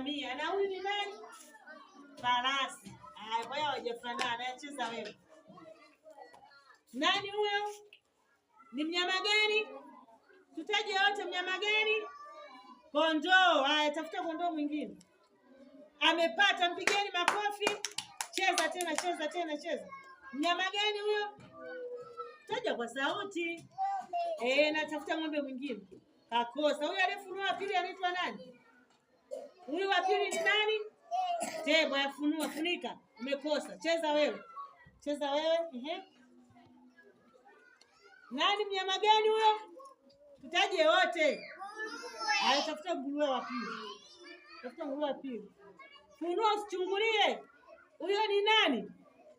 ngamia na huyu ni nani? Farasi. Haya, kwa hiyo hawajafanana. wewe. Nani huyo? Ni mnyama gani? Tutaje wote mnyama gani? Kondoo. Haya, tafuta kondoo mwingine. Amepata, mpigeni makofi. Cheza tena, cheza tena, cheza. Mnyama gani huyo? Taja kwa sauti. Eh, natafuta ng'ombe mwingine. Kakosa. huyo aliyefunua pili anaitwa nani? Huyu wa pili ni nani? Teba, funua, funika. Umekosa. Cheza wewe. Cheza wewe. Ehe. Nani mnyama gani huyo? Tutaje wote. Haya, tafuta nguruwe wa pili. Tafuta nguruwe wa pili. Funua usichungulie. Huyo ni nani?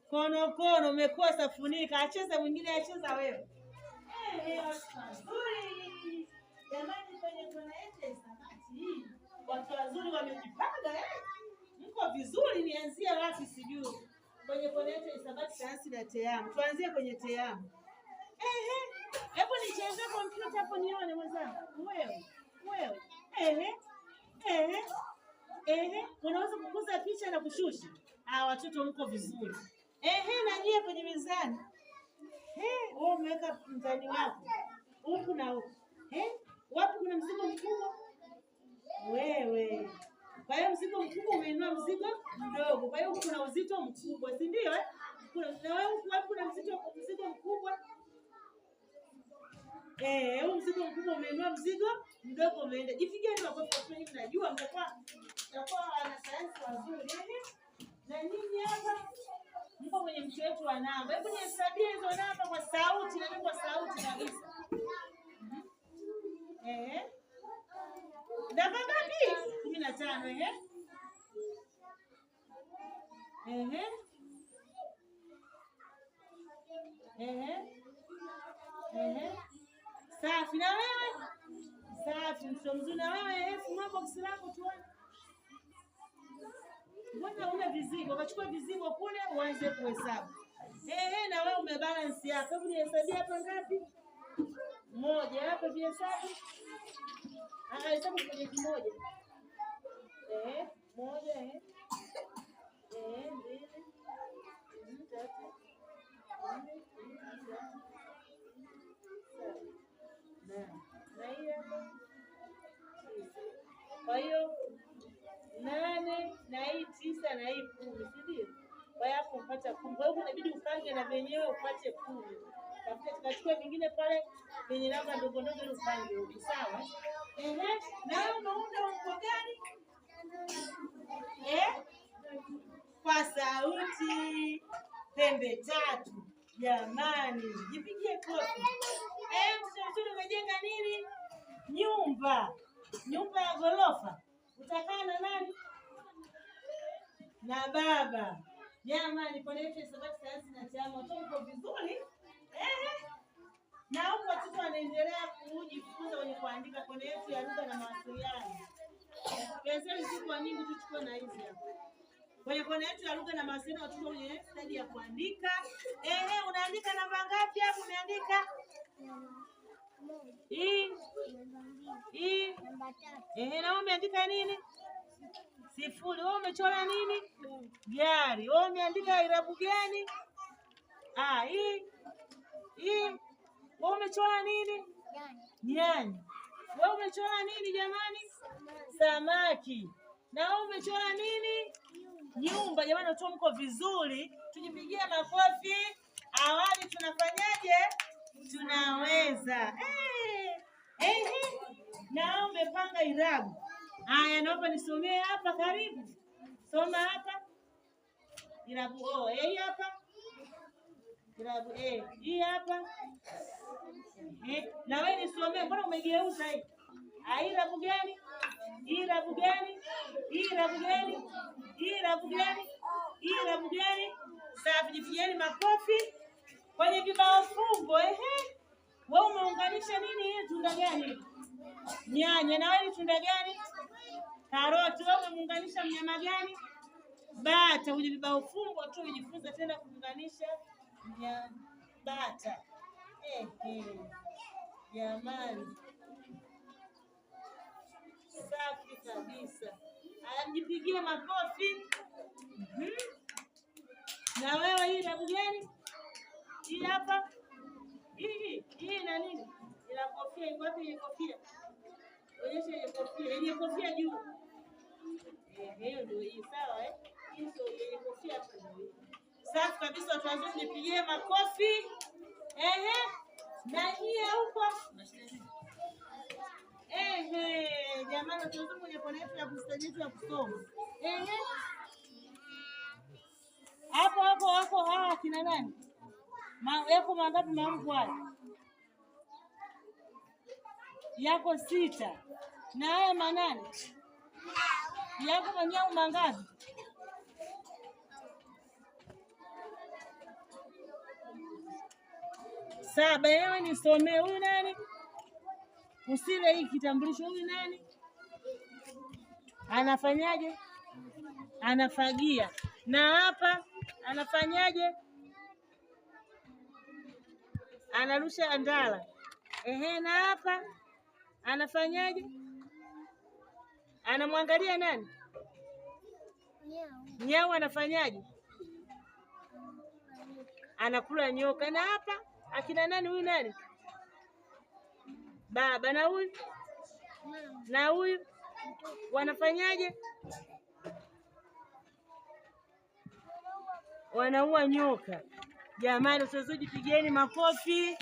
Konokono kono, umekosa. Funika. acheza mwingine, acheza wewe. Hey, hey, Jamani kwenye kona yetu ya samaki hii watu wazuri wamejipanga eh? Mko vizuri, nianzie wapi? Sijui kwenye kona hisabati, sayansi na teamu. Tuanzie kwenye teamu. Ehe, hebu nicheze kompyuta hapo nione mwenzangu. Wewe wewe, ehe ehe ehe, unaweza kukuza picha na kushusha. Ah, watoto mko vizuri. Ehe, na nyie kwenye mizani wewe umeweka mzani wako huku na huku. Wapi kuna mzigo mkubwa wewe. Kwa hiyo mzigo mkubwa umeinua mzigo mdogo, kwa hiyo kuna uzito mkubwa, si ndio? Eh? na wewe wapi kuna mzigo mzigo mkubwa Eh, huu mzigo mkubwa umeinua mzigo mdogo umeenda. Jipigeni makofi kwa kweli najua mtakuwa mtakuwa wanasayansi wazuri. Eh? Na nyinyi hapa mko kwenye mchezo wetu wa namba. Hebu nihesabie hizo namba kwa sauti na kwa sauti kabisa. Mhm. Eh. Daka ngapi? Kumi na tano. Eh? Safi. Na wewe safi, mtoto mzuri. Na wewe eh? fungua boksi lako tuone. Eh. Mbona una vizigo? Ukachukua vizigo kule uanze kuhesabu. Ehe, na wewe umebalansi yako. Hebu nihesabie hapa ngapi? moja hapa eh, vihesabu, akahesabu kwenye kimoja, moja eh. Eh, mbili tatu na Kwa hiyo nane na hii tisa na hii kumi, si ndio? Kwa hiyo hapo upata kumi. Kwa hiyo inabidi upange na vyenyewe upate kumi tutafute vingine pale vyenye namba ndogo ndogo, ili ufanye juhudi. Sawa, na wewe unaunda wimbo gani? Eh, kwa sauti pembe tatu. Jamani, jipigie kofi. Eh, mtoto umejenga nini? Nyumba, nyumba ya ghorofa. Utakaa na nani? Na baba. Jamani, Connected Sabati Sayansi na Tehama, mko vizuri? na huku watoto wanaendelea kujifunza kwenye kuandika kwenye yetu ya lugha na mawasiliano. Penseli ziko nyingi, tuchukue na hizi hapa kwenye kona yetu ya lugha na mawasiliano, watoto kwenye stadi ya kuandika. Ehe, unaandika namba ngapi hapo? Umeandika i ehe, na wewe umeandika nini? Sifuri. Wewe umechora nini? Gari. Wewe umeandika irabu gani? Ah, hii hii wewe umechora nini? Nyani. Wewe umechora nini jamani? Samaki. Na wewe umechora nini? Nyumba. Jamani, watu mko vizuri, tujipigia makofi. Awali tunafanyaje? Tunaweza. Hey. Eh, eh, hey. Eh. Na umepanga irabu. Haya, naomba nisomee hapa, karibu soma hapa irabu. Oh, hey, hapa Grabu eh, hii hapa eh, na wewe nisomee, mbona umegeuza hii? Hii rabu gani? Hii rabu gani? Hii rabu gani? Hii rabu gani? Hii gani? Sasa vijipigieni makofi kwenye vibao fungo. Ehe, wewe umeunganisha nini? Hii tunda gani? Nyanya. Na wewe ni tunda gani? Karoti. Wewe umemuunganisha mnyama gani? Bata. Kwenye vibao fungo tu ujifunze tena kuunganisha nyambata bata. Ehe, jamani, safi kabisa. Nipigie makofi. Hmm? Na wewe hii na gani? Hii hapa hii hii na nini? Ina kofia iko wapi? Ile kofia onyesha, ile kofia yenye kofia juu. Ehe, ndio hii, sawa. Safi kabisa, watu wazuri, nipigie makofi. Ehe, na nyie huko ehe, jamani, watu wazuri, kwenye kona yetu ya bustani yetu ya kusoma ehe, hapo hapo hapo, hawa kina nani Ma, yako mangapi maungu haya? Yako sita na haya manane yako manyau mangapi? Saba, ewe nisomee, huyu nani? Usile hii kitambulisho, huyu nani? Anafanyaje? Anafagia. Na hapa anafanyaje? Anarusha andala. Ehe, na hapa anafanyaje? Anamwangalia nani? Nyau anafanyaje? Anakula nyoka. Na hapa akina nani huyu nani baba na huyu na huyu wanafanyaje? Wanaua nyoka. Jamani, pigeni makofi.